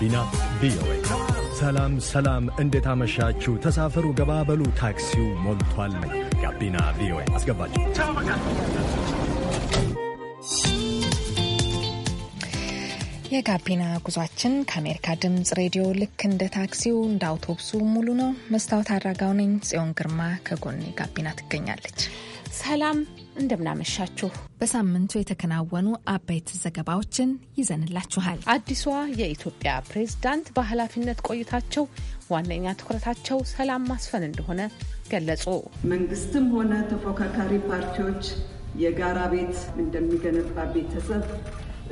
ጋቢና ቪኦኤ። ሰላም ሰላም፣ እንዴት አመሻችሁ? ተሳፈሩ፣ ገባበሉ፣ ታክሲው ሞልቷል። ጋቢና ቪኦኤ አስገባችሁ። የጋቢና ጉዟችን ከአሜሪካ ድምፅ ሬዲዮ ልክ እንደ ታክሲው እንደ አውቶቡሱ ሙሉ ነው። መስታወት አድራጋው ነኝ ጽዮን ግርማ ከጎኔ ጋቢና ትገኛለች። ሰላም እንደምናመሻችሁ። በሳምንቱ የተከናወኑ አበይት ዘገባዎችን ይዘንላችኋል። አዲሷ የኢትዮጵያ ፕሬዝዳንት በኃላፊነት ቆይታቸው ዋነኛ ትኩረታቸው ሰላም ማስፈን እንደሆነ ገለጹ። መንግስትም ሆነ ተፎካካሪ ፓርቲዎች የጋራ ቤት እንደሚገነባ ቤተሰብ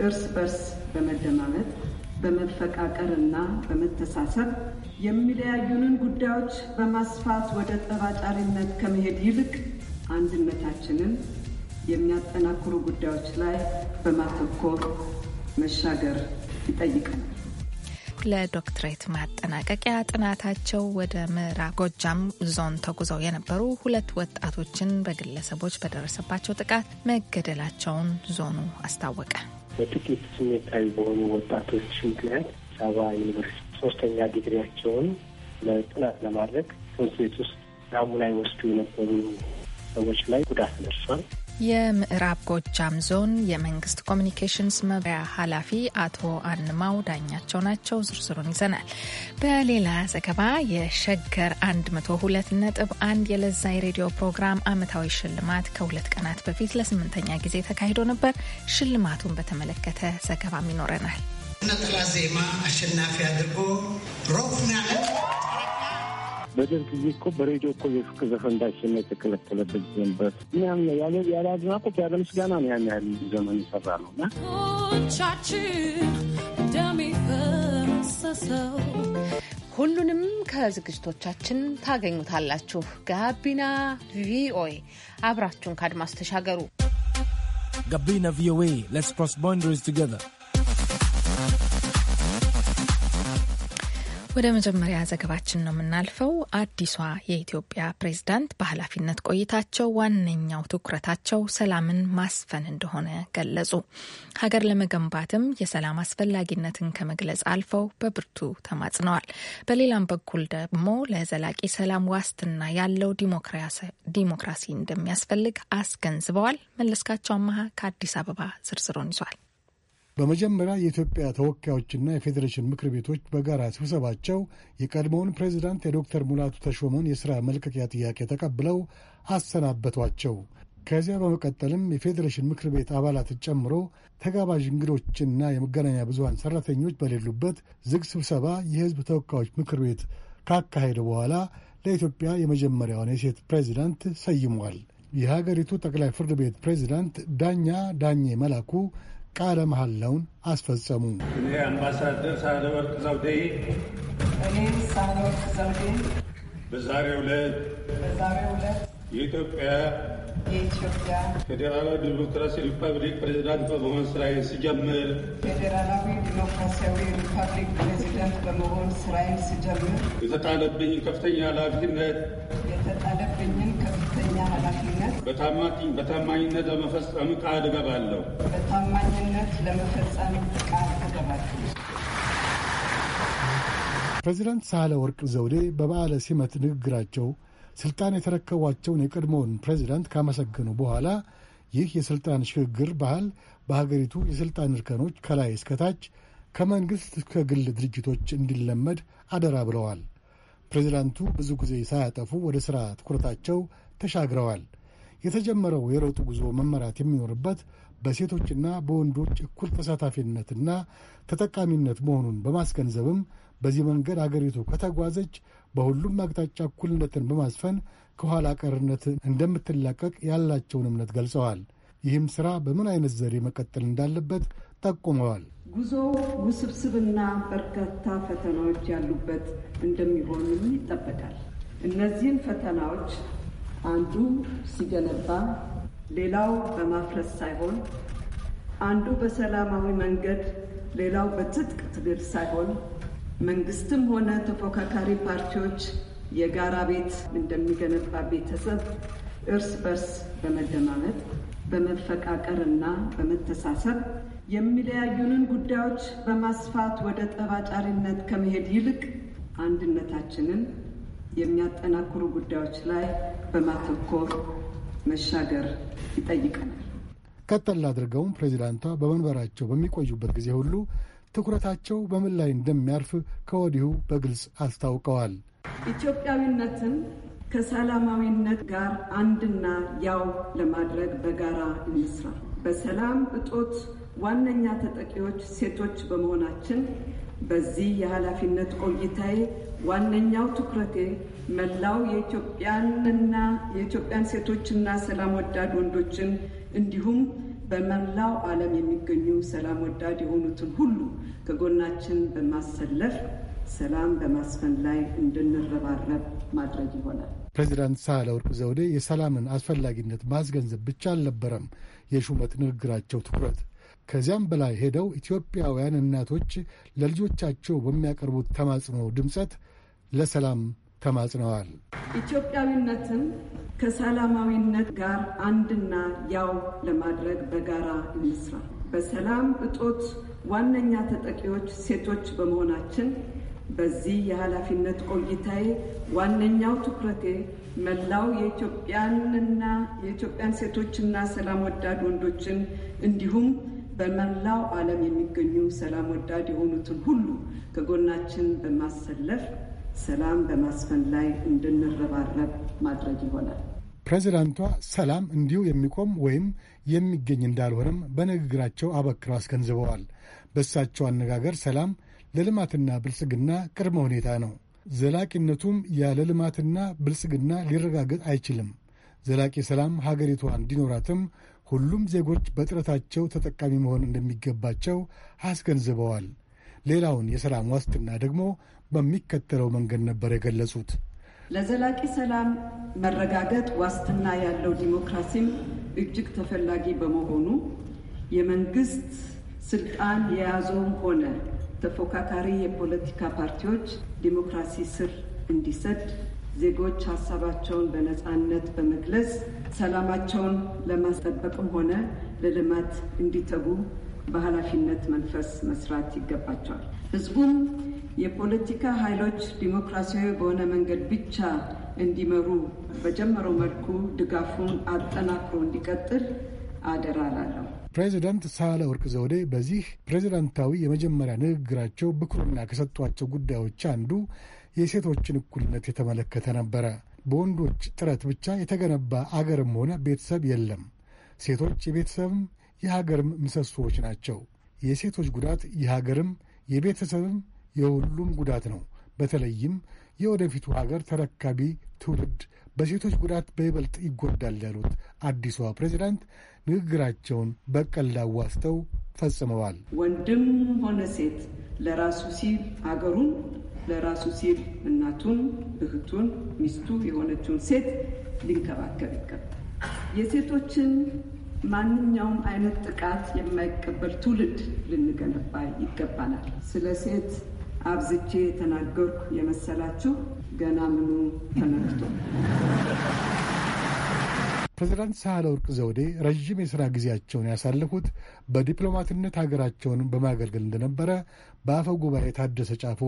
እርስ በርስ በመደማመጥ በመፈቃቀርና በመተሳሰብ የሚለያዩንን ጉዳዮች በማስፋት ወደ ጠባጫሪነት ከመሄድ ይልቅ አንድነታችንን የሚያጠናክሩ ጉዳዮች ላይ በማተኮር መሻገር ይጠይቃል። ለዶክትሬት ማጠናቀቂያ ጥናታቸው ወደ ምዕራብ ጎጃም ዞን ተጉዘው የነበሩ ሁለት ወጣቶችን በግለሰቦች በደረሰባቸው ጥቃት መገደላቸውን ዞኑ አስታወቀ። በጥቂት ስሜታዊ በሆኑ ወጣቶች ምክንያት ሰባ ዩኒቨርሲቲ ሶስተኛ ዲግሪያቸውን ለጥናት ለማድረግ ትምህርት ቤት ውስጥ ናሙና ይወስዱ የነበሩ ሰዎች ላይ ጉዳት ደርሷል። የምዕራብ ጎጃም ዞን የመንግስት ኮሚኒኬሽንስ መምሪያ ኃላፊ አቶ አንማው ዳኛቸው ናቸው። ዝርዝሩን ይዘናል። በሌላ ዘገባ የሸገር 102.1 የለዛ የሬዲዮ ፕሮግራም አመታዊ ሽልማት ከሁለት ቀናት በፊት ለስምንተኛ ጊዜ ተካሂዶ ነበር። ሽልማቱን በተመለከተ ዘገባም ይኖረናል። ነጠላ ዜማ አሸናፊ አድርጎ ሮፍና በደርግ ጊዜ እኮ በሬዲዮ እኮ የፍቅር ዘፈን እንዳይሰማ የተከለከለበት ነበር። ያም ያለ አድናቆት ያለ ምስጋና ነው ያን ያህል ዘመን ይሰራ ነው እና ሁሉንም ከዝግጅቶቻችን ታገኙታላችሁ። ጋቢና ቪኦኤ አብራችሁን ከአድማስ ተሻገሩ። ጋቢና ቪኦኤ ሌትስ ክሮስ ባውንደሪስ ቱጌዘር ወደ መጀመሪያ ዘገባችን ነው የምናልፈው። አዲሷ የኢትዮጵያ ፕሬዝዳንት በኃላፊነት ቆይታቸው ዋነኛው ትኩረታቸው ሰላምን ማስፈን እንደሆነ ገለጹ። ሀገር ለመገንባትም የሰላም አስፈላጊነትን ከመግለጽ አልፈው በብርቱ ተማጽነዋል። በሌላም በኩል ደግሞ ለዘላቂ ሰላም ዋስትና ያለው ዲሞክራሲ እንደሚያስፈልግ አስገንዝበዋል። መለስካቸው አመሀ ከአዲስ አበባ ዝርዝሩን ይዟል። በመጀመሪያ የኢትዮጵያ ተወካዮችና የፌዴሬሽን ምክር ቤቶች በጋራ ስብሰባቸው የቀድሞውን ፕሬዚዳንት የዶክተር ሙላቱ ተሾመን የሥራ መልቀቂያ ጥያቄ ተቀብለው አሰናበቷቸው። ከዚያ በመቀጠልም የፌዴሬሽን ምክር ቤት አባላትን ጨምሮ ተጋባዥ እንግዶችና የመገናኛ ብዙሃን ሠራተኞች በሌሉበት ዝግ ስብሰባ የሕዝብ ተወካዮች ምክር ቤት ካካሄደ በኋላ ለኢትዮጵያ የመጀመሪያውን የሴት ፕሬዚዳንት ሰይሟል። የሀገሪቱ ጠቅላይ ፍርድ ቤት ፕሬዚዳንት ዳኛ ዳኜ መላኩ ቃለ መሐላውን አስፈጸሙ። እኔ አምባሳደር ሳህለወርቅ ዘውዴ እኔ ሳህለወርቅ ዘውዴ በዛሬው ዕለት በዛሬው ዕለት የኢትዮጵያ የኢትዮጵያ ፌዴራላዊ ዲሞክራሲ ሪፐብሊክ ፕሬዚዳንት በመሆን ስራዬን ስጀምር ፌዴራላዊ ዲሞክራሲያዊ ሪፐብሊክ ፕሬዚዳንት በመሆን ስራዬን ስጀምር የተጣለብኝ ከፍተኛ ኃላፊነት በታማኝነት ለመፈጸም ቃል እገባለሁ። በታማኝነት ለመፈጸም ቃል እገባለሁ። ፕሬዚዳንት ሳህለ ወርቅ ዘውዴ በበዓለ ሲመት ንግግራቸው ስልጣን የተረከቧቸውን የቀድሞውን ፕሬዚዳንት ካመሰገኑ በኋላ ይህ የስልጣን ሽግግር ባህል በሀገሪቱ የስልጣን እርከኖች ከላይ እስከታች ከመንግሥት እስከ ግል ድርጅቶች እንዲለመድ አደራ ብለዋል። ፕሬዚዳንቱ ብዙ ጊዜ ሳያጠፉ ወደ ሥራ ትኩረታቸው ተሻግረዋል። የተጀመረው የለውጥ ጉዞ መመራት የሚኖርበት በሴቶችና በወንዶች እኩል ተሳታፊነትና ተጠቃሚነት መሆኑን በማስገንዘብም በዚህ መንገድ አገሪቱ ከተጓዘች በሁሉም አቅጣጫ እኩልነትን በማስፈን ከኋላ ቀርነት እንደምትላቀቅ ያላቸውን እምነት ገልጸዋል። ይህም ስራ በምን አይነት ዘዴ መቀጠል እንዳለበት ጠቁመዋል። ጉዞ ውስብስብና በርካታ ፈተናዎች ያሉበት እንደሚሆንም ይጠበቃል። እነዚህን ፈተናዎች አንዱ ሲገነባ ሌላው በማፍረስ ሳይሆን፣ አንዱ በሰላማዊ መንገድ ሌላው በትጥቅ ትግል ሳይሆን መንግስትም ሆነ ተፎካካሪ ፓርቲዎች የጋራ ቤት እንደሚገነባ ቤተሰብ እርስ በርስ በመደማመጥ በመፈቃቀር እና በመተሳሰብ የሚለያዩንን ጉዳዮች በማስፋት ወደ ጠባጫሪነት ከመሄድ ይልቅ አንድነታችንን የሚያጠናክሩ ጉዳዮች ላይ በማተኮር መሻገር ይጠይቀናል። ቀጠል አድርገውም ፕሬዚዳንቷ በመንበራቸው በሚቆዩበት ጊዜ ሁሉ ትኩረታቸው በምን ላይ እንደሚያርፍ ከወዲሁ በግልጽ አስታውቀዋል። ኢትዮጵያዊነትን ከሰላማዊነት ጋር አንድና ያው ለማድረግ በጋራ እንስራ። በሰላም እጦት ዋነኛ ተጠቂዎች ሴቶች በመሆናችን በዚህ የኃላፊነት ቆይታዬ ዋነኛው ትኩረቴ መላው የኢትዮጵያንና የኢትዮጵያን ሴቶችና ሰላም ወዳድ ወንዶችን እንዲሁም በመላው ዓለም የሚገኙ ሰላም ወዳድ የሆኑትን ሁሉ ከጎናችን በማሰለፍ ሰላም በማስፈን ላይ እንድንረባረብ ማድረግ ይሆናል። ፕሬዚዳንት ሳህለወርቅ ዘውዴ የሰላምን አስፈላጊነት ማስገንዘብ ብቻ አልነበረም የሹመት ንግግራቸው ትኩረት ከዚያም በላይ ሄደው ኢትዮጵያውያን እናቶች ለልጆቻቸው በሚያቀርቡት ተማጽኖ ድምፀት ለሰላም ተማጽነዋል። ኢትዮጵያዊነትን ከሰላማዊነት ጋር አንድና ያው ለማድረግ በጋራ እንስራ። በሰላም እጦት ዋነኛ ተጠቂዎች ሴቶች በመሆናችን በዚህ የኃላፊነት ቆይታዬ ዋነኛው ትኩረቴ መላው የኢትዮጵያንና የኢትዮጵያን ሴቶችና ሰላም ወዳድ ወንዶችን እንዲሁም በመላው ዓለም የሚገኙ ሰላም ወዳድ የሆኑትን ሁሉ ከጎናችን በማሰለፍ ሰላም በማስፈን ላይ እንድንረባረብ ማድረግ ይሆናል። ፕሬዚዳንቷ ሰላም እንዲሁ የሚቆም ወይም የሚገኝ እንዳልሆነም በንግግራቸው አበክረው አስገንዝበዋል። በእሳቸው አነጋገር ሰላም ለልማትና ብልጽግና ቅድመ ሁኔታ ነው። ዘላቂነቱም ያለ ልማትና ብልጽግና ሊረጋገጥ አይችልም። ዘላቂ ሰላም ሀገሪቷ እንዲኖራትም ሁሉም ዜጎች በጥረታቸው ተጠቃሚ መሆን እንደሚገባቸው አስገንዝበዋል። ሌላውን የሰላም ዋስትና ደግሞ በሚከተለው መንገድ ነበር የገለጹት። ለዘላቂ ሰላም መረጋገጥ ዋስትና ያለው ዲሞክራሲም እጅግ ተፈላጊ በመሆኑ የመንግስት ስልጣን የያዘውም ሆነ ተፎካካሪ የፖለቲካ ፓርቲዎች ዲሞክራሲ ስር እንዲሰድ ዜጎች ሀሳባቸውን በነፃነት በመግለጽ ሰላማቸውን ለማስጠበቅም ሆነ ለልማት እንዲተጉ በኃላፊነት መንፈስ መስራት ይገባቸዋል። ህዝቡም የፖለቲካ ኃይሎች ዲሞክራሲያዊ በሆነ መንገድ ብቻ እንዲመሩ በጀመረው መልኩ ድጋፉን አጠናክሮ እንዲቀጥል አደራላለሁ። እላለሁ። ፕሬዚዳንት ሳህለ ወርቅ ዘውዴ በዚህ ፕሬዚዳንታዊ የመጀመሪያ ንግግራቸው ብኩርና ከሰጧቸው ጉዳዮች አንዱ የሴቶችን እኩልነት የተመለከተ ነበረ። በወንዶች ጥረት ብቻ የተገነባ አገርም ሆነ ቤተሰብ የለም። ሴቶች የቤተሰብም የሀገርም ምሰሶዎች ናቸው። የሴቶች ጉዳት የሀገርም የቤተሰብም የሁሉም ጉዳት ነው። በተለይም የወደፊቱ ሀገር ተረካቢ ትውልድ በሴቶች ጉዳት በይበልጥ ይጎዳል ያሉት አዲሷ ፕሬዚዳንት ንግግራቸውን በቀልድ አዋስተው ፈጽመዋል። ወንድም ሆነ ሴት ለራሱ ሲል ሀገሩን ለራሱ ሲል እናቱን፣ እህቱን፣ ሚስቱ የሆነችውን ሴት ሊንከባከብ ይገባል። የሴቶችን ማንኛውም አይነት ጥቃት የማይቀበል ትውልድ ልንገነባ ይገባናል። ስለ ሴት አብዝቼ የተናገርኩ የመሰላችሁ ገና ምኑ ተነክቶ። ፕሬዚዳንት ወርቅ ዘውዴ ረዥም የሥራ ጊዜያቸውን ያሳለፉት በዲፕሎማትነት ሀገራቸውን በማገልገል እንደነበረ በአፈ ጉባኤ ታደሰ ጫፎ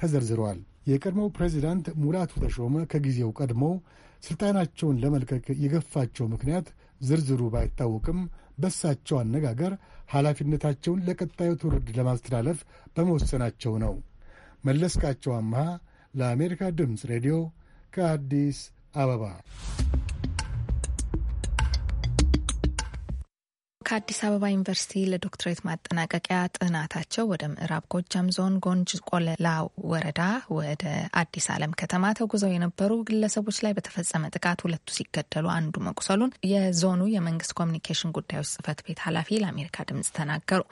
ተዘርዝረዋል። የቀድሞው ፕሬዚዳንት ሙላቱ ተሾመ ከጊዜው ቀድሞ ስልጣናቸውን ለመልቀቅ የገፋቸው ምክንያት ዝርዝሩ ባይታወቅም በሳቸው አነጋገር ኃላፊነታቸውን ለቀጣዩ ትውልድ ለማስተላለፍ በመወሰናቸው ነው። መለስካቸው አምሃ ለአሜሪካ ድምፅ ሬዲዮ ከአዲስ አበባ ከአዲስ አበባ ዩኒቨርሲቲ ለዶክትሬት ማጠናቀቂያ ጥናታቸው ወደ ምዕራብ ጎጃም ዞን ጎንጅ ቆለላ ወረዳ ወደ አዲስ ዓለም ከተማ ተጉዘው የነበሩ ግለሰቦች ላይ በተፈጸመ ጥቃት ሁለቱ ሲገደሉ አንዱ መቁሰሉን የዞኑ የመንግስት ኮሚኒኬሽን ጉዳዮች ጽህፈት ቤት ኃላፊ ለአሜሪካ ድምጽ ተናገሩ።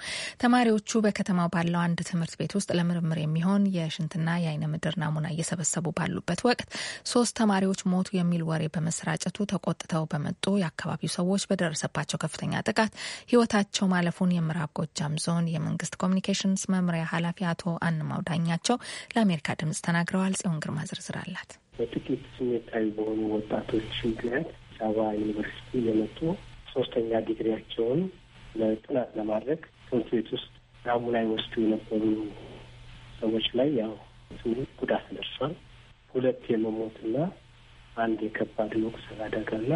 ተማሪዎቹ በከተማው ባለው አንድ ትምህርት ቤት ውስጥ ለምርምር የሚሆን የሽንትና የአይነ ምድር ናሙና እየሰበሰቡ ባሉበት ወቅት ሶስት ተማሪዎች ሞቱ የሚል ወሬ በመሰራጨቱ ተቆጥተው በመጡ የአካባቢው ሰዎች በደረሰባቸው ከፍተኛ ጥቃት ህይወታቸው ማለፉን የምዕራብ ጎጃም ዞን የመንግስት ኮሚኒኬሽንስ መምሪያ ኃላፊ አቶ አንማው ዳኛቸው ለአሜሪካ ድምጽ ተናግረዋል። ጽዮን ግርማ ዝርዝር አላት። በጥቂት ስሜታዊ በሆኑ ወጣቶች ምክንያት አዲስ አበባ ዩኒቨርሲቲ የመጡ ሶስተኛ ዲግሪያቸውን ለጥናት ለማድረግ ትምህርት ቤት ውስጥ ዳሙ ላይ ወስዱ የነበሩ ሰዎች ላይ ያው ስሜት ጉዳት ደርሷል። ሁለት የመሞትና አንድ የከባድ መቁሰል አደጋና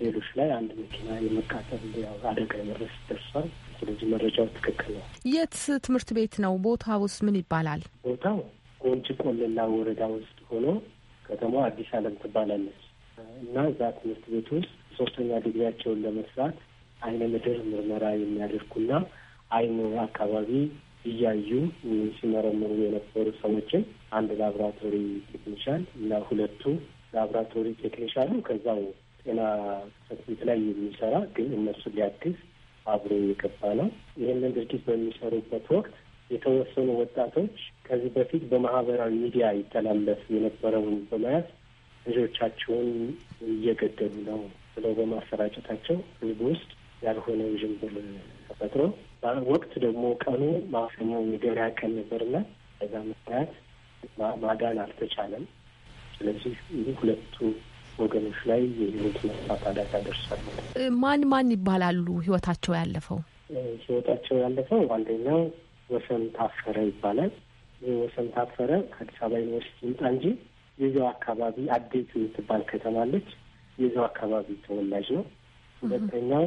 ሌሎች ላይ አንድ መኪና የመቃጠል ያው አደጋ የመድረስ ደርሷል። ስለዚህ መረጃው ትክክል ነው። የት ትምህርት ቤት ነው? ቦታ ውስጥ ምን ይባላል? ቦታው ጎንጂ ቆለላ ወረዳ ውስጥ ሆኖ ከተማ አዲስ ዓለም ትባላለች እና እዛ ትምህርት ቤት ውስጥ ሶስተኛ ዲግሪያቸውን ለመስራት አይነ ምድር ምርመራ የሚያደርጉና አይን አካባቢ እያዩ ሲመረምሩ የነበሩ ሰዎችን አንድ ላብራቶሪ ቴክኒሻን እና ሁለቱ ላብራቶሪ ቴክኒሻኑ ከዛው ጤና ሰርቪስ ላይ የሚሰራ ግን እነሱ ሊያግዝ አብሮ የገባ ነው። ይህንን ድርጊት በሚሰሩበት ወቅት የተወሰኑ ወጣቶች ከዚህ በፊት በማህበራዊ ሚዲያ ይተላለፍ የነበረውን በመያዝ ልጆቻቸውን እየገደሉ ነው ብለው በማሰራጨታቸው ህዝብ ውስጥ ያልሆነ ውዥንብር ተፈጥሮ ወቅት ደግሞ ቀኑ ማክሰኞ የገበያ ቀን ነበርና በዛ ምክንያት ማዳን አልተቻለም። ስለዚህ ይህ ሁለቱ ወገኖች ላይ የህይወት መስፋት አደጋ ደርሷል። ማን ማን ይባላሉ? ህይወታቸው ያለፈው ህይወታቸው ያለፈው አንደኛው ወሰን ታፈረ ይባላል። ይህ ወሰን ታፈረ ከአዲስ አበባ ዩኒቨርሲቲ ይምጣ እንጂ የዛው አካባቢ አዴት የምትባል ከተማለች የዛው አካባቢ ተወላጅ ነው። ሁለተኛው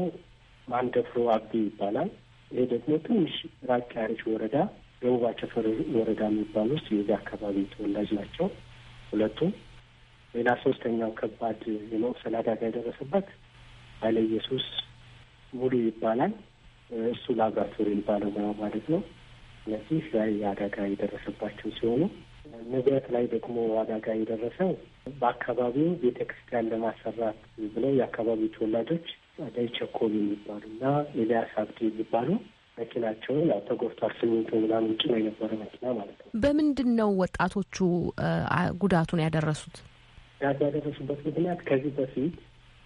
ማንደፍሮ አቤ ይባላል። ይሄ ደግሞ ትንሽ ራቅ ያለች ወረዳ ደቡብ አቸፈር ወረዳ የሚባል ውስጥ የዚህ አካባቢ ተወላጅ ናቸው ሁለቱም። ሌላ ሶስተኛው ከባድ የመቁሰል አደጋ የደረሰበት ኃይለ ኢየሱስ ሙሉ ይባላል። እሱ ላብራቶሪ ባለሙያ ማለት ነው። እነዚህ ላይ አደጋ የደረሰባቸው ሲሆኑ ንብረት ላይ ደግሞ አደጋ የደረሰው በአካባቢው ቤተ ክርስቲያን ለማሰራት ብለው የአካባቢው ተወላጆች አዳይ ቸኮል የሚባሉ እና ኤልያስ አብዲ የሚባሉ መኪናቸውን ያው ተጎድቷል። ስሚንቶ ምናምን ጭኖ የነበረ መኪና ማለት ነው። በምንድን ነው ወጣቶቹ ጉዳቱን ያደረሱት? ዳት ያደረሱበት ምክንያት ከዚህ በፊት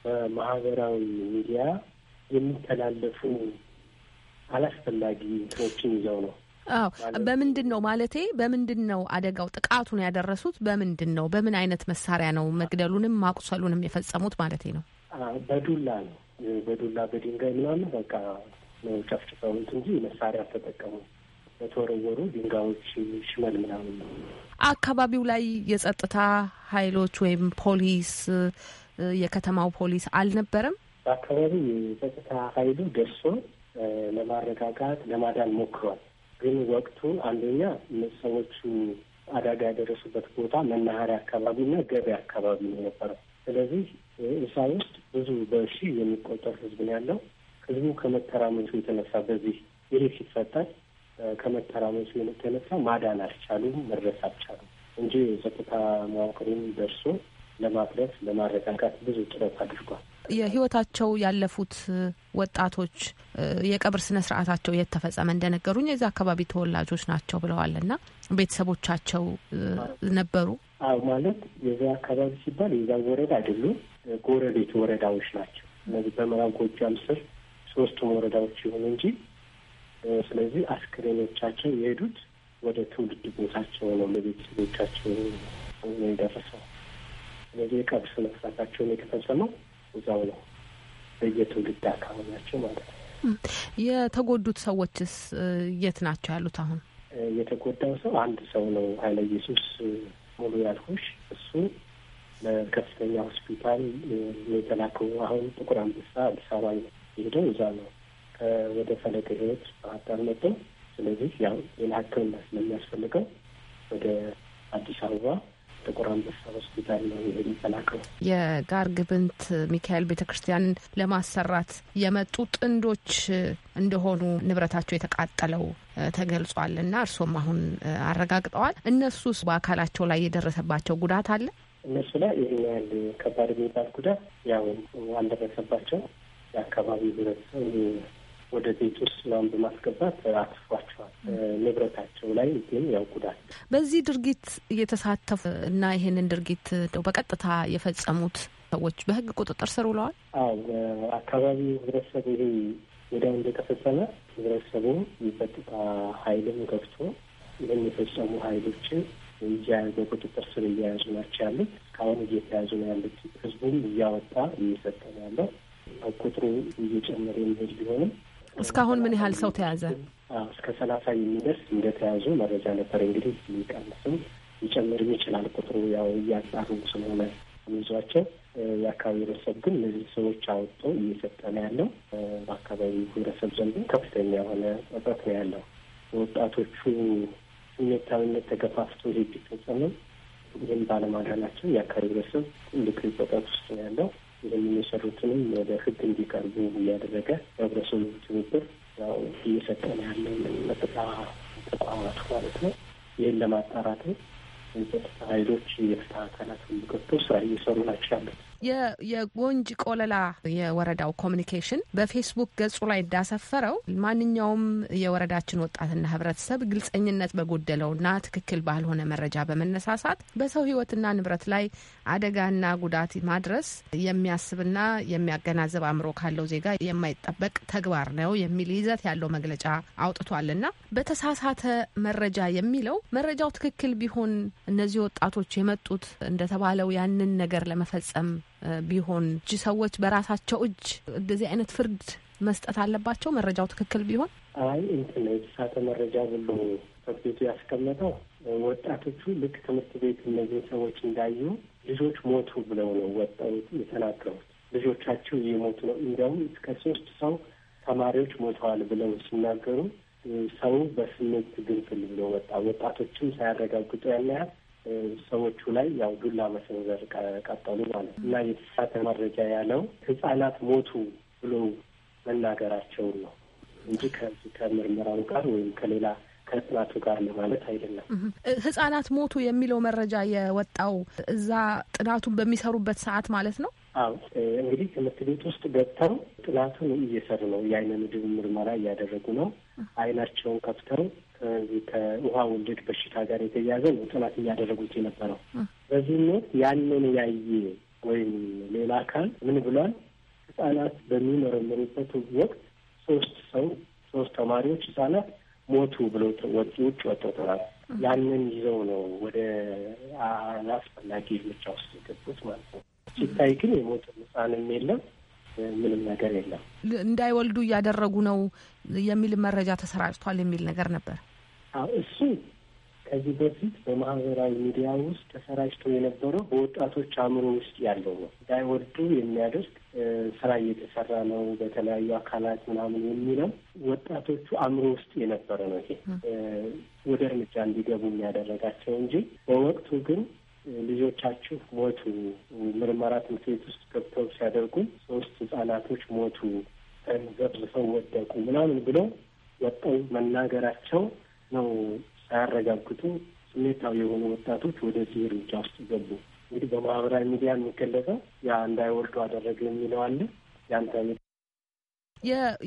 በማህበራዊ ሚዲያ የሚተላለፉ አላስፈላጊ ሰዎችን ይዘው ነው። አዎ በምንድን ነው ማለቴ፣ በምንድን ነው አደጋው ጥቃቱን ያደረሱት? በምንድን ነው በምን አይነት መሳሪያ ነው መግደሉንም ማቁሰሉንም የፈጸሙት ማለቴ ነው? በዱላ ነው። በዱላ በድንጋይ ምናምን በቃ ነው ጨፍጭፈውት እንጂ መሳሪያ አልተጠቀሙም። በተወረወሩ ድንጋዮች ሽመል ምናምን ነው አካባቢው ላይ የጸጥታ ኃይሎች ወይም ፖሊስ የከተማው ፖሊስ አልነበረም። በአካባቢው የጸጥታ ኃይሉ ደርሶ ለማረጋጋት ለማዳን ሞክሯል። ግን ወቅቱ አንደኛ ሰዎቹ አደጋ ያደረሱበት ቦታ መናኸሪያ አካባቢና ገበያ አካባቢ ነው የነበረው። ስለዚህ እሳ ውስጥ ብዙ በሺ የሚቆጠር ህዝብ ነው ያለው። ህዝቡ ከመተራመሱ የተነሳ በዚህ ይሄ ሲፈጠር ከመተራመሱ የተነሳ ማዳን አልቻሉም፣ መድረስ አልቻሉም እንጂ የጸጥታ መዋቅሩን ደርሶ ለማድረስ ለማረጋጋት ብዙ ጥረት አድርጓል። የህይወታቸው ያለፉት ወጣቶች የቀብር ስነ ስርዓታቸው የት ተፈጸመ እንደነገሩኝ የዚ አካባቢ ተወላጆች ናቸው ብለዋል እና ቤተሰቦቻቸው ነበሩ። አዎ ማለት የዚ አካባቢ ሲባል የዛ ወረዳ አይደሉም፣ ጎረቤት ወረዳዎች ናቸው እነዚህ በምዕራብ ጎጃም ስር ሶስቱም ወረዳዎች ይሁን እንጂ ስለዚህ አስክሬኖቻቸው የሄዱት ወደ ትውልድ ቦታቸው ነው፣ ለቤተሰቦቻቸው ነው የደረሰው። ስለዚህ የቀብር ስነ ስርዓታቸውን የተፈጸመው እዛው ነው፣ በየትውልድ አካባቢያቸው ማለት ነው። የተጎዱት ሰዎችስ የት ናቸው ያሉት? አሁን የተጎዳው ሰው አንድ ሰው ነው፣ ኃይለ ኢየሱስ ሙሉ ያልኩሽ እሱ ለከፍተኛ ሆስፒታል የተላከው አሁን ጥቁር አንበሳ አዲስ አበባ የሄደው እዛ ነው ወደ ፈለገ ህይወት ባህርዳር መጡ። ስለዚህ ያው ሌላ ህክምና ስለሚያስፈልገው ወደ አዲስ አበባ ጥቁር አንበሳ ሆስፒታል ነው የሚፈላቀው። የጋር ግብንት ሚካኤል ቤተ ክርስቲያንን ለማሰራት የመጡ ጥንዶች እንደሆኑ ንብረታቸው የተቃጠለው ተገልጿል እና እርሶም አሁን አረጋግጠዋል። እነሱስ በአካላቸው ላይ የደረሰባቸው ጉዳት አለ? እነሱ ላይ ይህን ያህል ከባድ የሚባል ጉዳት ያው አልደረሰባቸው። የአካባቢ ህብረተሰብ ወደ ቤት ውስጥ ምናምን በማስገባት አትፏቸዋል። ንብረታቸው ላይ ግን ያው ጉዳት በዚህ ድርጊት እየተሳተፉ እና ይህንን ድርጊት በቀጥታ የፈጸሙት ሰዎች በህግ ቁጥጥር ስር ውለዋል። አዎ አካባቢ ህብረተሰቡ ይሄ ወዲያው እንደተፈጸመ ህብረተሰቡ በጥታ ሀይልም ገብቶ ይህን የፈጸሙ ሀይሎችን እያያዙ ቁጥጥር ስር እያያዙ ናቸው ያሉት። እስካሁን እየተያዙ ነው ያሉት። ህዝቡም እያወጣ እየሰጠ ነው ያለው። ቁጥሩ እየጨመረ የሚሄድ ቢሆንም እስካሁን ምን ያህል ሰው ተያዘ? እስከ ሰላሳ የሚደርስ እንደተያዙ መረጃ ነበር። እንግዲህ የሚቀንስም ሊጨምርም ይችላል ቁጥሩ ያው እያጣሩ ስለሆነ ይዟቸው የአካባቢ ህብረተሰብ ግን እነዚህ ሰዎች አውጥቶ እየሰጠ ነው ያለው። በአካባቢ ህብረተሰብ ዘንድ ከፍተኛ የሆነ ጸጸት ነው ያለው። ወጣቶቹ ስሜታዊነት ተገፋፍቶ ይሄ ቢፈጸምም ይህም ባለማዳናቸው የአካባቢ ህብረተሰብ ትልቅ ጸጸት ውስጥ ነው ያለው። የሚሰሩትንም ወደ ህግ እንዲቀርቡ እያደረገ ህብረተሰቡ ትብብር ያው እየሰጠን ያለን መጠጣ ተቋማቱ ማለት ነው። ይህን ለማጣራትም የጸጥታ ኃይሎች የፍትህ አካላት ሁሉ ገብቶ ስራ እየሰሩ ናቸው ያሉት። የጎንጅ ቆለላ የወረዳው ኮሚኒኬሽን በፌስቡክ ገጹ ላይ እንዳሰፈረው ማንኛውም የወረዳችን ወጣትና ህብረተሰብ ግልጸኝነት በጎደለውና ትክክል ባልሆነ መረጃ በመነሳሳት በሰው ህይወትና ንብረት ላይ አደጋና ጉዳት ማድረስ የሚያስብና የሚያገናዘብ አእምሮ ካለው ዜጋ የማይጠበቅ ተግባር ነው የሚል ይዘት ያለው መግለጫ አውጥቷልና በተሳሳተ መረጃ የሚለው መረጃው ትክክል ቢሆን እነዚህ ወጣቶች የመጡት እንደተባለው ያንን ነገር ለመፈጸም ቢሆን እጅ ሰዎች በራሳቸው እጅ እንደዚህ አይነት ፍርድ መስጠት አለባቸው። መረጃው ትክክል ቢሆን አይ እንትን የተሳተ መረጃ ብሎ ቤቱ ያስቀመጠው ወጣቶቹ ልክ ትምህርት ቤት እነዚህ ሰዎች እንዳዩ ልጆች ሞቱ ብለው ነው ወጣው የተናገሩት። ልጆቻቸው እየሞቱ ነው፣ እንዲያውም እስከ ሶስት ሰው ተማሪዎች ሞተዋል ብለው ሲናገሩ ሰው በስሜት ግንፍል ብሎ ወጣ። ወጣቶችም ሳያረጋግጡ ያናያል ሰዎቹ ላይ ያው ዱላ መሰንዘር ቀጠሉ ማለት ነው እና የተሳተ መረጃ ያለው ህጻናት ሞቱ ብሎ መናገራቸውን ነው እንጂ ከምርመራው ጋር ወይም ከሌላ ከጥናቱ ጋር ለማለት አይደለም። ህጻናት ሞቱ የሚለው መረጃ የወጣው እዛ ጥናቱን በሚሰሩበት ሰዓት ማለት ነው። አዎ እንግዲህ ትምህርት ቤት ውስጥ ገብተው ጥናቱን እየሰሩ ነው። የአይነ ምድብ ምርመራ እያደረጉ ነው። አይናቸውን ከፍተው ከዚህ ከውሃ ወለድ በሽታ ጋር የተያያዘ ነው ጥናት እያደረጉት የነበረው። በዚህም ወቅት ያንን ያየ ወይም ሌላ አካል ምን ብሏል? ህጻናት በሚመረምሩበት ወቅት ሶስት ሰው ሶስት ተማሪዎች ህጻናት ሞቱ ብለው ውጭ ወጥተዋል። ያንን ይዘው ነው ወደ አላስፈላጊ እርምጃ ውስጥ የገቡት ማለት ነው። ሲታይ ግን የሞት ህጻንም የለም ምንም ነገር የለም። እንዳይወልዱ እያደረጉ ነው የሚል መረጃ ተሰራጭቷል የሚል ነገር ነበር። እሱ ከዚህ በፊት በማህበራዊ ሚዲያ ውስጥ ተሰራጭቶ የነበረው በወጣቶች አእምሮ ውስጥ ያለው ነው። እንዳይወዱ የሚያደርግ ስራ እየተሰራ ነው በተለያዩ አካላት ምናምን የሚለው ወጣቶቹ አእምሮ ውስጥ የነበረ ነው። ይሄ ወደ እርምጃ እንዲገቡ የሚያደረጋቸው እንጂ በወቅቱ ግን ልጆቻችሁ ሞቱ፣ ምርመራ ትምህርት ቤት ውስጥ ገብተው ሲያደርጉ ሶስት ህጻናቶች ሞቱ፣ ዘብዝፈው ወደቁ ምናምን ብለው ወጣው መናገራቸው ነው ሳያረጋግጡ ስሜታዊ የሆኑ ወጣቶች ወደዚህ እርምጃ ውስጥ ገቡ። እንግዲህ በማህበራዊ ሚዲያ የሚገለጸው ያ እንዳይወልዱ አደረገ የሚለው አለ ያንተ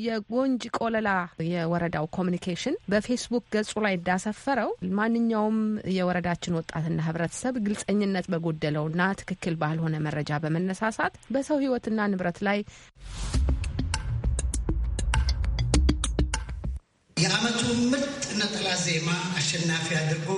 የጎንጅ ቆለላ የወረዳው ኮሚኒኬሽን በፌስቡክ ገጹ ላይ እንዳሰፈረው ማንኛውም የወረዳችን ወጣትና ህብረተሰብ ግልጸኝነት በጎደለውና ትክክል ባልሆነ መረጃ በመነሳሳት በሰው ህይወትና ንብረት ላይ የዓመቱ ምርጥ ነጠላ ዜማ አሸናፊ አድርጎ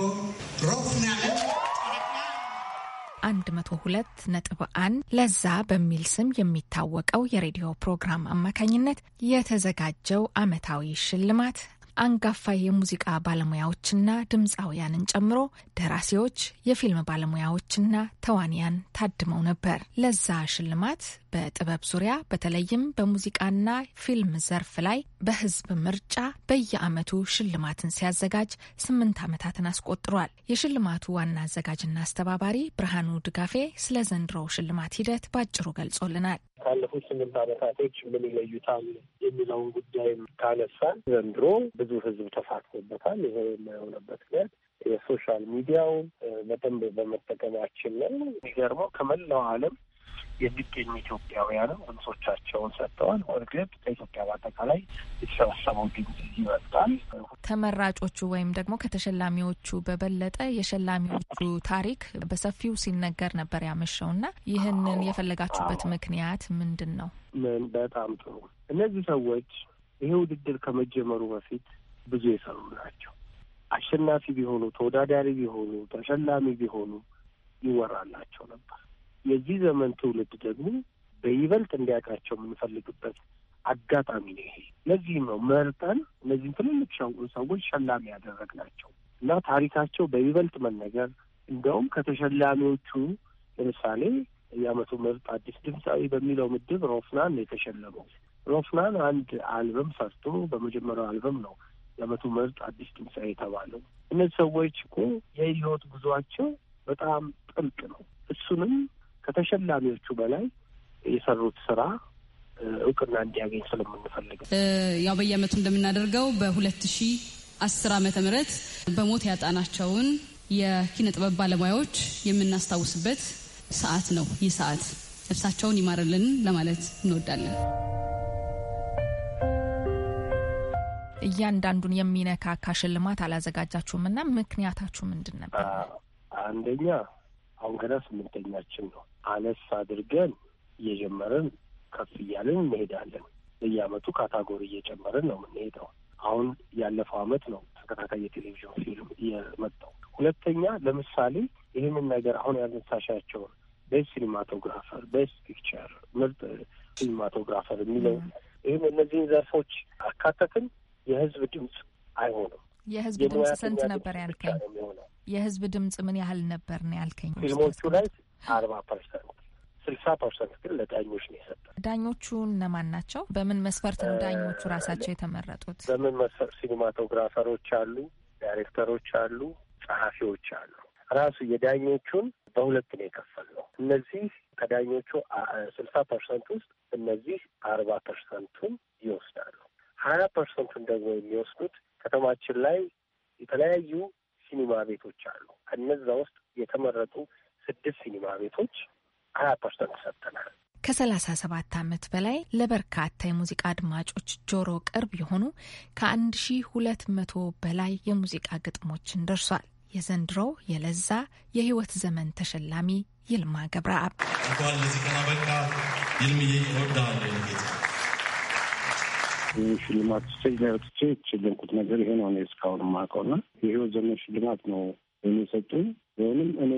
ነጥብ አንድ ለዛ በሚል ስም የሚታወቀው የሬዲዮ ፕሮግራም አማካኝነት የተዘጋጀው ዓመታዊ ሽልማት አንጋፋ የሙዚቃ ባለሙያዎችና ድምፃውያንን ጨምሮ ደራሲዎች፣ የፊልም ባለሙያዎችና ተዋንያን ታድመው ነበር። ለዛ ሽልማት በጥበብ ዙሪያ በተለይም በሙዚቃና ፊልም ዘርፍ ላይ በህዝብ ምርጫ በየዓመቱ ሽልማትን ሲያዘጋጅ ስምንት ዓመታትን አስቆጥሯል። የሽልማቱ ዋና አዘጋጅና አስተባባሪ ብርሃኑ ድጋፌ ስለ ዘንድሮው ሽልማት ሂደት ባጭሩ ገልጾልናል። ካለፉት ስምንት ዓመታቶች ምን ይለዩታል የሚለውን ጉዳይ ካነሳን ዘንድሮ ብዙ ህዝብ ተሳትፎበታል። ይሄ የማይሆነበት ምክንያት የሶሻል ሚዲያው በደንብ በመጠቀማችን ነው። የሚገርመው ከመላው ዓለም የሚገኙ ኢትዮጵያውያንም ድምጾቻቸውን ሰጥተዋል። እርግጥ ከኢትዮጵያ በአጠቃላይ የተሰባሰበው ድምጽ ይበልጣል። ተመራጮቹ ወይም ደግሞ ከተሸላሚዎቹ በበለጠ የሸላሚዎቹ ታሪክ በሰፊው ሲነገር ነበር ያመሸው እና ይህንን የፈለጋችሁበት ምክንያት ምንድን ነው? ምን በጣም ጥሩ። እነዚህ ሰዎች ይሄ ውድድር ከመጀመሩ በፊት ብዙ የሰሩ ናቸው። አሸናፊ ቢሆኑ፣ ተወዳዳሪ ቢሆኑ፣ ተሸላሚ ቢሆኑ ይወራላቸው ነበር የዚህ ዘመን ትውልድ ደግሞ በይበልጥ እንዲያውቃቸው የምንፈልግበት አጋጣሚ ነው ይሄ። ለዚህም ነው መርጠን እነዚህም ትልልቅ ሰዎች ሸላሚ ያደረግናቸው እና ታሪካቸው በይበልጥ መነገር እንደውም ከተሸላሚዎቹ ለምሳሌ የአመቱ ምርጥ አዲስ ድምፃዊ በሚለው ምድብ ሮፍናን የተሸለመው። ሮፍናን አንድ አልበም ሰርቶ በመጀመሪያው አልበም ነው የአመቱ ምርጥ አዲስ ድምፃዊ የተባለው። እነዚህ ሰዎች እኮ የህይወት ጉዟቸው በጣም ጥልቅ ነው። እሱንም ከተሸላሚዎቹ በላይ የሰሩት ስራ እውቅና እንዲያገኝ ስለምንፈልግ ያው በየአመቱ እንደምናደርገው በሁለት ሺ አስር አመተ ምህረት በሞት ያጣናቸውን የኪነ ጥበብ ባለሙያዎች የምናስታውስበት ሰዓት ነው። ይህ ሰዓት ነፍሳቸውን ይማርልን ለማለት እንወዳለን። እያንዳንዱን የሚነካካ ሽልማት አላዘጋጃችሁም እና ምክንያታችሁ ምንድን ነበር? አንደኛ አሁን ገና ስምንተኛችን ነው። አነስ አድርገን እየጀመርን ከፍ እያልን እንሄዳለን። በየአመቱ ካታጎሪ እየጨመርን ነው የምንሄደው። አሁን ያለፈው አመት ነው ተከታታይ የቴሌቪዥን ፊልም የመጣው። ሁለተኛ ለምሳሌ ይህንን ነገር አሁን ያነሳሻቸውን ቤስት ሲኒማቶግራፈር፣ ቤስት ፒክቸር፣ ምርጥ ሲኒማቶግራፈር የሚለው ይህም እነዚህን ዘርፎች አካተትን የህዝብ ድምፅ አይሆንም። የህዝብ ድምፅ ስንት ነበር ያልከኝ? የህዝብ ድምፅ ምን ያህል ነበር ነው ያልከኝ? ፊልሞቹ ላይ አርባ ፐርሰንት ስልሳ ፐርሰንት ግን ለዳኞች ነው የሰጠ። ዳኞቹ እነማን ናቸው? በምን መስፈርት ነው ዳኞቹ ራሳቸው የተመረጡት? በምን መስፈር? ሲኒማቶግራፈሮች አሉ፣ ዳይሬክተሮች አሉ፣ ጸሐፊዎች አሉ። ራሱ የዳኞቹን በሁለት ነው ነው። እነዚህ ከዳኞቹ ስልሳ ፐርሰንት ውስጥ እነዚህ አርባ ፐርሰንቱን ይወስዳሉ። ሀያ ፐርሰንቱን ደግሞ የሚወስዱት ከተማችን ላይ የተለያዩ ሲኒማ ቤቶች አሉ። ከነዛ ውስጥ የተመረጡ ስድስት ሲኒማ ቤቶች ሀያ ፐርሰንት ሰጥተናል። ከሰላሳ ሰባት አመት በላይ ለበርካታ የሙዚቃ አድማጮች ጆሮ ቅርብ የሆኑ ከአንድ ሺ ሁለት መቶ በላይ የሙዚቃ ግጥሞችን ደርሷል። የዘንድሮ የለዛ የህይወት ዘመን ተሸላሚ ይልማ ገብረአብ እንኳን ለዚህ ቀን አበቃ ይልምዬ እወድሃለሁ ይህ ሽልማት ስቼ የችልንኩት ነገር ይሄ ነው። እኔ እስካሁን የማውቀውና የህይወት ዘመን ሽልማት ነው የሚሰጡን ወይም እኔ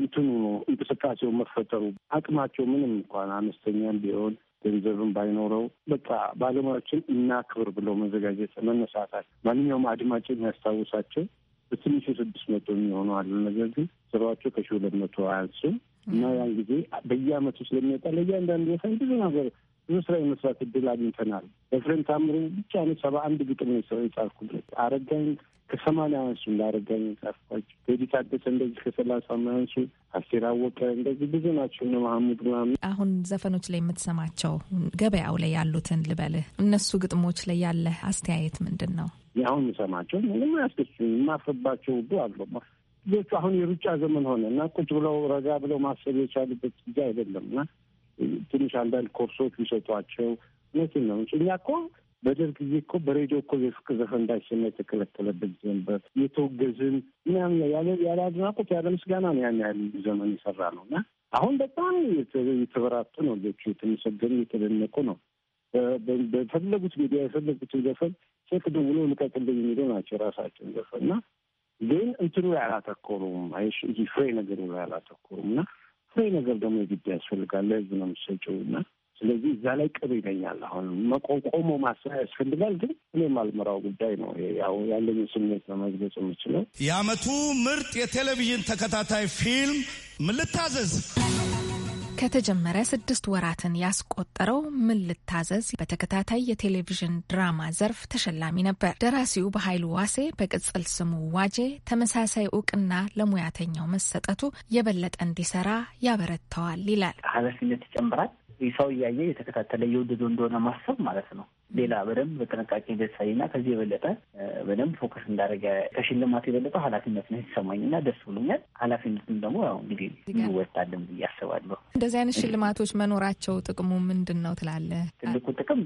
እንትኑ እንቅስቃሴው መፈጠሩ አቅማቸው ምንም እንኳን አነስተኛም ቢሆን ገንዘብም ባይኖረው በቃ ባለሙያዎችን እናክብር ብለው መዘጋጀት መነሳሳት ማንኛውም አድማጭ የሚያስታውሳቸው በትንሹ ስድስት መቶ የሚሆኑ አሉ። ነገር ግን ስራቸው ከሺ ሁለት መቶ አያንሱም እና ያን ጊዜ በየአመቱ ስለሚወጣ ለእያንዳንዱ ወሳኝ ብዙ ነገር ብዙ ስራ የመስራት እድል አግኝተናል። ኤፍሬም ታምሩ ብቻ ነው ሰባ አንድ ግጥም ነው የጻፍኩበት። አረጋኝ ከሰማንያ አንሱ እንዳረጋኝ ጻፍኳቸው። ቤዲ ታደሰ እንደዚህ ከሰላሳ ማያንሱ አስቴር አወቀ እንደዚህ ብዙ ናቸው። እነ መሀሙድ ምናምን አሁን ዘፈኖች ላይ የምትሰማቸው ገበያው ላይ ያሉትን ልበልህ፣ እነሱ ግጥሞች ላይ ያለ አስተያየት ምንድን ነው? አሁን የምሰማቸው ምንም አያስደስም። የማፍርባቸው ሁሉ አሉ። ልጆቹ አሁን የሩጫ ዘመን ሆነ እና ቁጭ ብለው ረጋ ብለው ማሰብ የቻሉበት ጊዜ አይደለም እና ትንሽ አንዳንድ ኮርሶች ቢሰጧቸው እውነትን ነው እኛ እኮ በደርግ ጊዜ እኮ በሬዲዮ እኮ የፍቅ ዘፈንዳችን ነው የተከለከለበት ጊዜ ነበር። የተወገዝን ምናምን ያለ አድናቆት ያለ ምስጋና ነው ያን ያህል ዘመን የሰራ ነው እና አሁን በጣም የተበራጡ ነው ልጆቹ፣ የተመሰገኑ የተደነቁ ነው። በፈለጉት ሚዲያ የፈለጉትን ዘፈን ስልክ ደውሎ ልቀቅልኝ የሚለው ናቸው ራሳቸውን ዘፈን እና ግን እንትኑ ላይ አላተኮሩም። ፍሬ ነገሩ ላይ አላተኮሩም እና ፍሬ ነገር ደግሞ የግድ ያስፈልጋል። ለህዝብ ነው የምትሰጪው እና ስለዚህ እዛ ላይ ቅር ይለኛል። አሁን መቆቆሞ ማሰብ ያስፈልጋል፣ ግን እኔ የማልመራው ጉዳይ ነው። ያው ያለኝ ስሜት ነው የምችለው። የአመቱ ምርጥ የቴሌቪዥን ተከታታይ ፊልም ምን ልታዘዝ ከተጀመረ ስድስት ወራትን ያስቆጠረው ምን ልታዘዝ በተከታታይ የቴሌቪዥን ድራማ ዘርፍ ተሸላሚ ነበር። ደራሲው በኃይሉ ዋሴ በቅጽል ስሙ ዋጄ ተመሳሳይ እውቅና ለሙያተኛው መሰጠቱ የበለጠ እንዲሰራ ያበረታዋል ይላል። ኃላፊነት ይጨምራል ሰው እያየ የተከታተለ እየወደዱ እንደሆነ ማሰብ ማለት ነው። ሌላ በደንብ በጥንቃቄ ደሳይና ከዚህ የበለጠ በደንብ ፎከስ እንዳደረገ ከሽልማት የበለጠው ኃላፊነት ነው የተሰማኝ እና ደስ ብሎኛል። ኃላፊነቱም ደግሞ ያው እንግዲህ እንወጣለን ብዬ አስባለሁ። እንደዚህ አይነት ሽልማቶች መኖራቸው ጥቅሙ ምንድን ነው ትላለ? ትልቁ ጥቅም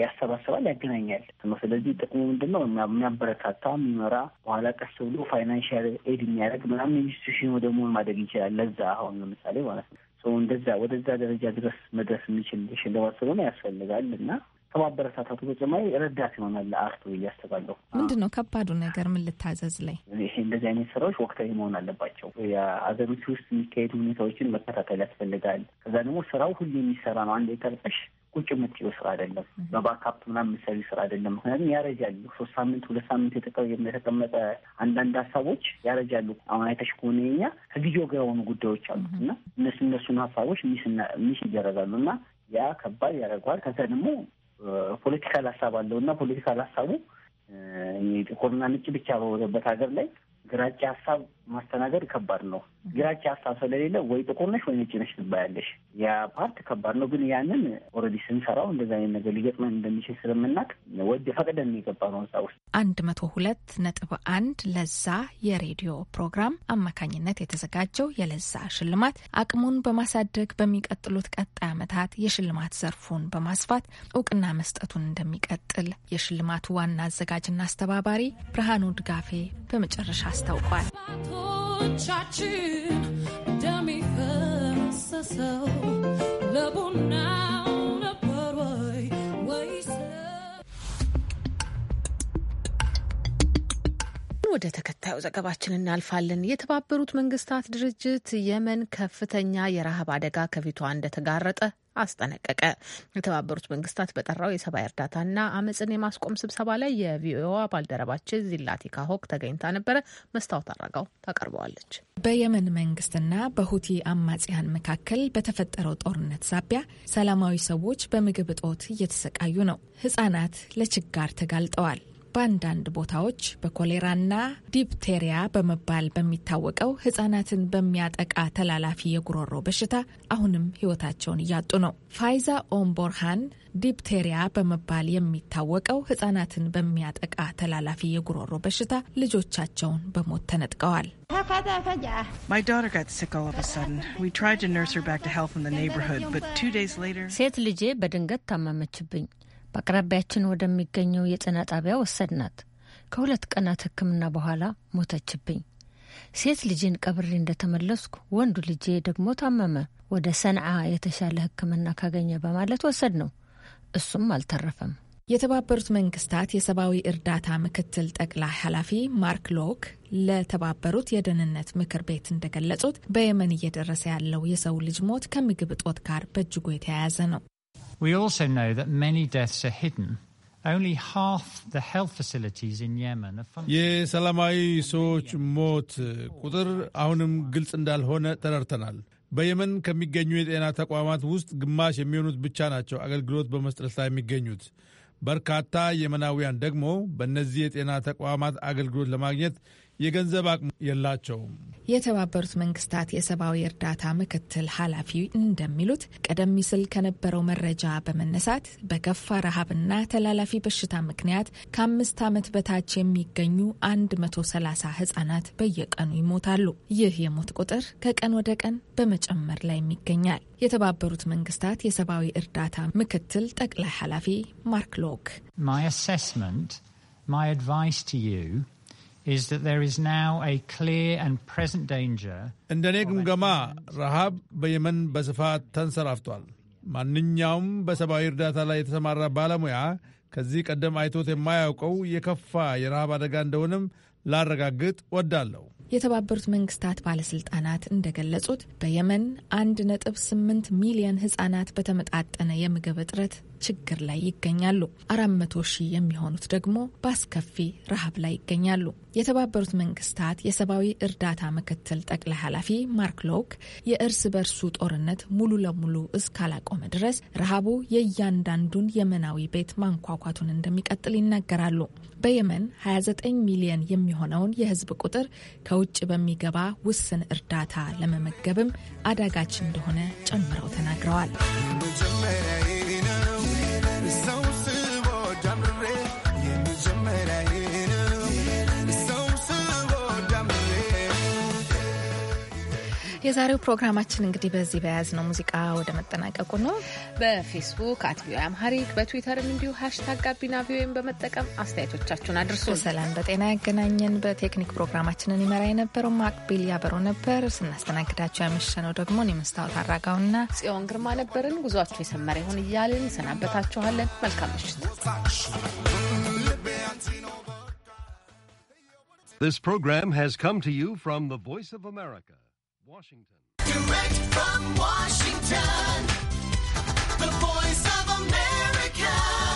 ያሰባስባል ያገናኛል። ስለዚህ ጥቅሙ ምንድን ነው? የሚያበረታታ የሚመራ በኋላ ቀስ ብሎ ፋይናንሽል ኤድ የሚያደርግ ምናምን ኢንስቲቱሽን ወደ መሆን ማደግ ይችላል። ለዛ አሁን ለምሳሌ ማለት ነው እንደዛ ወደዛ ደረጃ ድረስ መድረስ የሚችል ሽልማት ስለሆነ ያስፈልጋል እና ከማበረታታቱ በተጨማሪ ረዳት ይሆናል ለአርቱ ብዬ አስባለሁ። ምንድን ነው ከባዱ ነገር? ምን ልታዘዝ ላይ ይሄ እንደዚህ አይነት ስራዎች ወቅታዊ መሆን አለባቸው። የአገሪቱ ውስጥ የሚካሄዱ ሁኔታዎችን መከታተል ያስፈልጋል። ከዛ ደግሞ ስራው ሁሌ የሚሰራ ነው። አንድ የጠርጠሽ ቁጭ የምትይው ስራ አይደለም። በባካፕ ምናምን የምትሰሪ ስራ አይደለም። ምክንያቱም ያረጃሉ። ሶስት ሳምንት፣ ሁለት ሳምንት የተቀመጠ አንዳንድ ሀሳቦች ያረጃሉ። አሁን አይተሽ ከሆነ የኛ ከጊዜው ጋር የሆኑ ጉዳዮች አሉ እና እነሱ እነሱን ሀሳቦች ሚስ ይደረጋሉ እና ያ ከባድ ያደርገዋል። ከዛ ደግሞ ፖለቲካል ሀሳብ አለው እና ፖለቲካል ሀሳቡ ጥቁርና ነጭ ብቻ በሆነበት ሀገር ላይ ግራጫ ሀሳብ ማስተናገድ ከባድ ነው። ግራቸ ሀሳብ ስለሌለ ወይ ጥቁር ነሽ ወይ ነጭ ነሽ ትባያለሽ። ያ ፓርት ከባድ ነው። ግን ያንን ኦልሬዲ ስንሰራው እንደዚ አይነት ነገር ሊገጥመን እንደሚችል ስለምናቅ ወድ ፈቅደን የገባ ነው ህንጻ ውስጥ አንድ መቶ ሁለት ነጥብ አንድ ለዛ የሬዲዮ ፕሮግራም አማካኝነት የተዘጋጀው የለዛ ሽልማት አቅሙን በማሳደግ በሚቀጥሉት ቀጣይ ዓመታት የሽልማት ዘርፉን በማስፋት እውቅና መስጠቱን እንደሚቀጥል የሽልማቱ ዋና አዘጋጅና አስተባባሪ ብርሃኑ ድጋፌ በመጨረሻ አስታውቋል። ቻችን ደም ይፈሰሰው ለቡና ወደ ተከታዩ ዘገባችን እናልፋለን። የተባበሩት መንግስታት ድርጅት የመን ከፍተኛ የረሃብ አደጋ ከፊቷ እንደተጋረጠ አስጠነቀቀ። የተባበሩት መንግስታት በጠራው የሰብአዊ እርዳታና አመፅን የማስቆም ስብሰባ ላይ የቪኦኤዋ ባልደረባችን ዚላቲካ ሆክ ተገኝታ ነበረ። መስታወት አረጋው ታቀርበዋለች። በየመን መንግስትና በሁቲ አማጽያን መካከል በተፈጠረው ጦርነት ሳቢያ ሰላማዊ ሰዎች በምግብ እጦት እየተሰቃዩ ነው። ህጻናት ለችጋር ተጋልጠዋል። በአንዳንድ ቦታዎች በኮሌራና ዲፕቴሪያ በመባል በሚታወቀው ህጻናትን በሚያጠቃ ተላላፊ የጉሮሮ በሽታ አሁንም ህይወታቸውን እያጡ ነው። ፋይዛ ኦምቦርሃን ዲፕቴሪያ በመባል የሚታወቀው ህጻናትን በሚያጠቃ ተላላፊ የጉሮሮ በሽታ ልጆቻቸውን በሞት ተነጥቀዋል። ሴት ልጄ በድንገት ታመመችብኝ። በአቅራቢያችን ወደሚገኘው የጤና ጣቢያ ወሰድናት። ከሁለት ቀናት ሕክምና በኋላ ሞተችብኝ። ሴት ልጄን ቀብሬ እንደተመለስኩ ወንዱ ልጄ ደግሞ ታመመ። ወደ ሰንዓ የተሻለ ሕክምና ካገኘ በማለት ወሰድ ነው። እሱም አልተረፈም። የተባበሩት መንግስታት የሰብአዊ እርዳታ ምክትል ጠቅላይ ኃላፊ ማርክ ሎክ ለተባበሩት የደህንነት ምክር ቤት እንደገለጹት በየመን እየደረሰ ያለው የሰው ልጅ ሞት ከምግብ እጦት ጋር በእጅጉ የተያያዘ ነው። We also know that many deaths are hidden. Only half the health facilities in Yemen are funded. Yeah, salamai soch mot kudar aunim gilsendal hona terartanal. በየመን ከሚገኙ የጤና ተቋማት ውስጥ ግማሽ የሚሆኑት ብቻ ናቸው አገልግሎት በመስጠት ላይ የሚገኙት በርካታ የመናውያን ደግሞ በእነዚህ የጤና ተቋማት አገልግሎት ለማግኘት የገንዘብ አቅሙ የላቸውም። የተባበሩት መንግስታት የሰብአዊ እርዳታ ምክትል ኃላፊ እንደሚሉት ቀደም ሲል ከነበረው መረጃ በመነሳት በከፋ ረሃብና ተላላፊ በሽታ ምክንያት ከአምስት ዓመት በታች የሚገኙ 130 ህጻናት በየቀኑ ይሞታሉ። ይህ የሞት ቁጥር ከቀን ወደ ቀን በመጨመር ላይ ይገኛል። የተባበሩት መንግስታት የሰብአዊ እርዳታ ምክትል ጠቅላይ ኃላፊ ማርክ ሎክ My assessment, my እንደ እኔ ግምገማ ረሃብ በየመን በስፋት ተንሰራፍቷል። ማንኛውም በሰብአዊ እርዳታ ላይ የተሰማራ ባለሙያ ከዚህ ቀደም አይቶት የማያውቀው የከፋ የረሃብ አደጋ እንደሆነም ላረጋግጥ ወዳለሁ። የተባበሩት መንግስታት ባለስልጣናት እንደገለጹት በየመን 1.8 ሚሊዮን ህጻናት በተመጣጠነ የምግብ እጥረት ችግር ላይ ይገኛሉ። አራት መቶ ሺህ የሚሆኑት ደግሞ በአስከፊ ረሃብ ላይ ይገኛሉ። የተባበሩት መንግስታት የሰብአዊ እርዳታ ምክትል ጠቅላይ ኃላፊ ማርክ ሎክ የእርስ በርሱ ጦርነት ሙሉ ለሙሉ እስካላቆመ ድረስ ረሃቡ የእያንዳንዱን የመናዊ ቤት ማንኳኳቱን እንደሚቀጥል ይናገራሉ። በየመን 29 ሚሊዮን የሚሆነውን የህዝብ ቁጥር ከውጭ በሚገባ ውስን እርዳታ ለመመገብም አዳጋች እንደሆነ ጨምረው ተናግረዋል። የዛሬው ፕሮግራማችን እንግዲህ በዚህ በያዝ ነው ሙዚቃ ወደ መጠናቀቁ ነው። በፌስቡክ አት ቪኦኤ አምሃሪክ በትዊተርም እንዲሁ ሀሽታግ ጋቢና ቪኦኤም በመጠቀም አስተያየቶቻችሁን አድርሱ። በሰላም በጤና ያገናኘን። በቴክኒክ ፕሮግራማችንን ይመራ የነበረው ማቅቢል ያበረው ነበር። ስናስተናግዳቸው ያመሸነው ደግሞ የመስታወት አራጋውና ጽዮን ግርማ ነበርን። ጉዟችሁ የሰመረ ይሁን እያልን ሰናበታችኋለን። መልካም ምሽት። This program has come to you from the Voice of America. Washington. Direct from Washington, the voice of America.